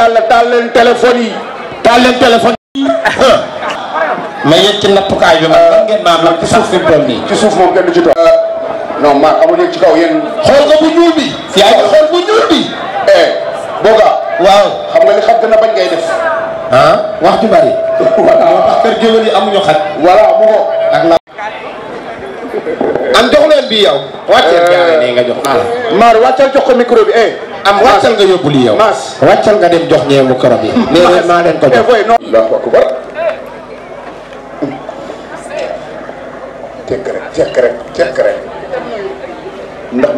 yàlla taal leen téléphone yi taal leen téléphone yi mais yéen ci nappukaay bi man lan ngeen maam ci suuf fi mu toll nii ci suuf moom kenn du ci toog euh. kaw yéen xool ko eh, xam nga li xam gën bañ ngay def ah wax ju bari voilà moo yi am jox leen bi yow wàcceel gaa jox ah. maar wàcceel am wàccal nga yóbbu lii yow. maas wàccal nga dem jox ñeemu korob yi. maas leen ko jox. Eh, allahu akbar tekk rek tekk rek tekk rek ndax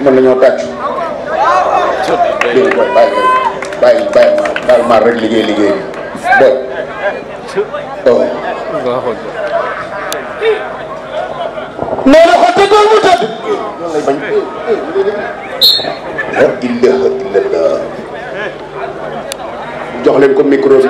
mën nañoo tàccu. dégg nga bàyyi ma rek liggéey liggéey bi booy. Oh. nee na ko tëddal mu tëdd. la ilaha illallah jox leen ko micro bi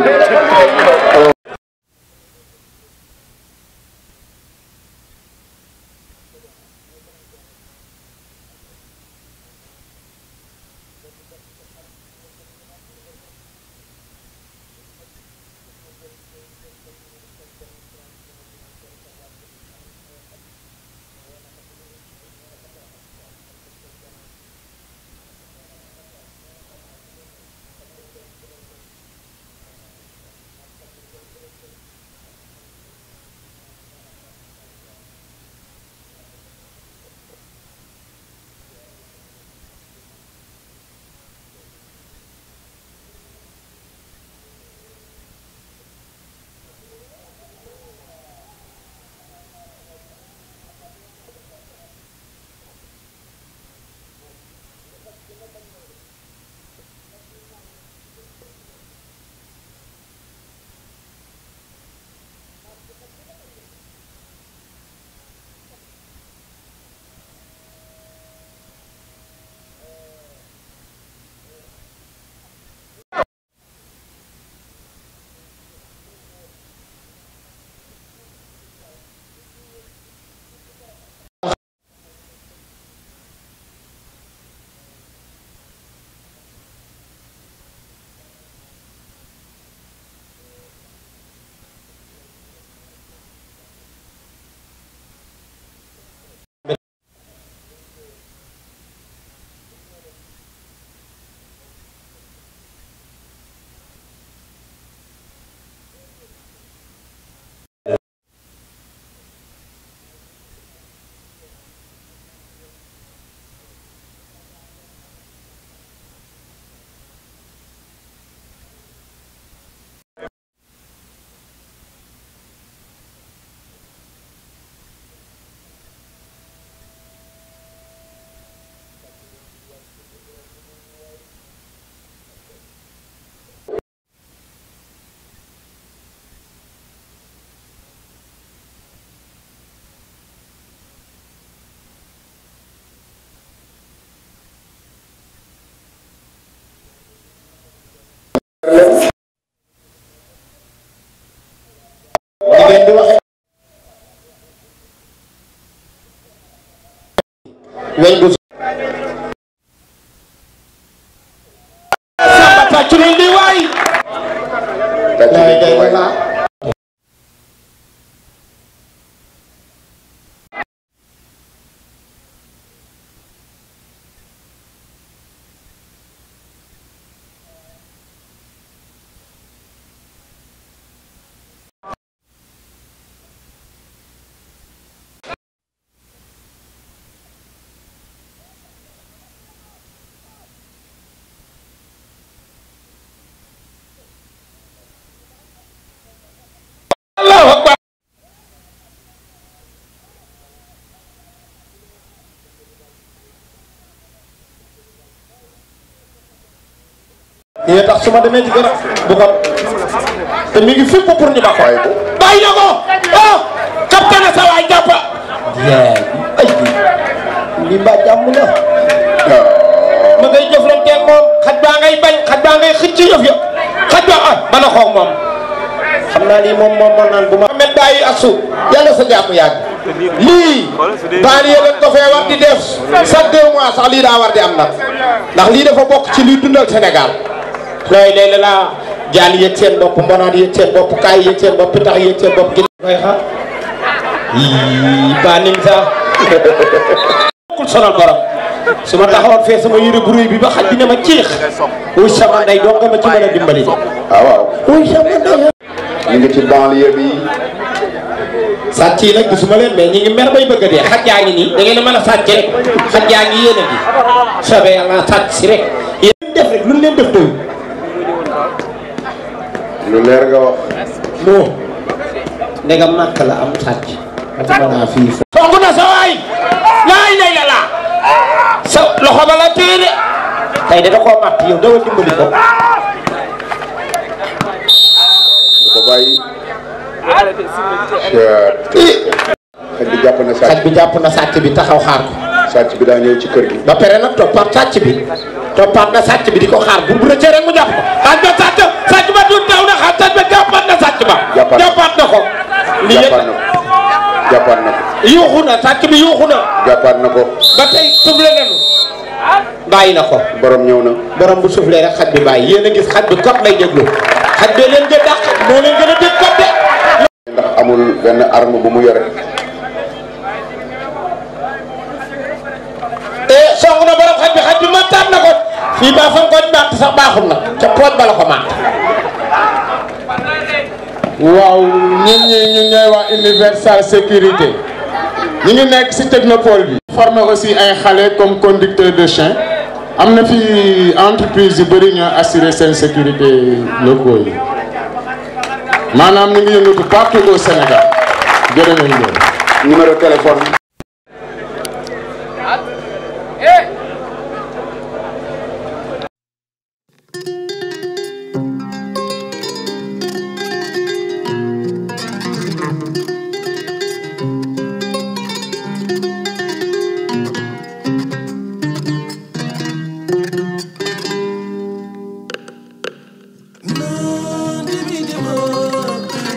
Vem membros. Iya tax su ma demee ci gën bu ko te mi ngi fépp pour ñu ma koy bàyyi na ko ah capitaine sa waay jàppa jeex li ba ma ngay ngay bañ ngay yëf ya ah man a xoog moom xam naa bu ma asu yàlla sa jàmm yàgg Li, baal yee ko war di def chaque deux mois sax war di am nag ndax lii dafa bokk ci luy dundal lay lay la laa jaal yëg seen bopp mbonaat yëg seen bopp kaay yëg seen bopp pitax yëg seen bopp gin koy xa ba nim sax kul sonal borom su ma taxawoon fee sama yëre bu rëy bi ba xaj bi ma ciix wuy sama ndey doo nga ma ci mën a dimbali ah, waaw waaw wuy sama ndey ñu ngi ci banlieue yi nag gisuma leen mais ñu ngi mer bay bëgg a dee xaj yaa ngi nii da ngeen a mën a sàcc rek xaj yaa ngi yéen a ngi soobee yàlla sàcc si rek yéen def rek lu leen def doyu lu leer nga wax moo la am sàcc naa fii fonk na sa waay lay la sa loxo ba la téye de de da koo yow dawal dimbali ko ko bàyyi xaj bi jàpp na sàcc xaj bi jàpp na sàcc bi taxaw xaar ko bi daa ñëw ci kër gi ba pere bi na bi di xaar bu bu rëccee mu ko jàppaat na ko li yëg jàppaat na yuuxu na tàcc bi yuuxu na jàppaat na ko ba tey tëble nañu bàyyi na ko borom ñëw na borom bu suuflee rek xaj bi bàyyi yéen a gis xaj bi kot lay déglu xaj bee leen gën dàq moo leen gën a dégg kot de benn arme bu mu yore eh, song na borom xaj bi xaj bi mattaat na ko fii baa fa nga ko sax baaxul na ca pooj ba la ko waaw nous sommes ñu ñooy de sécurité Nous sommes nekk ci technopole Nous formé aussi un chalet comme conducteur de chien. Nous avons une entreprise qui a la assurer sécurité locale. Madame maanaam ñu partout au Sénégal Numéro de numéro téléphone.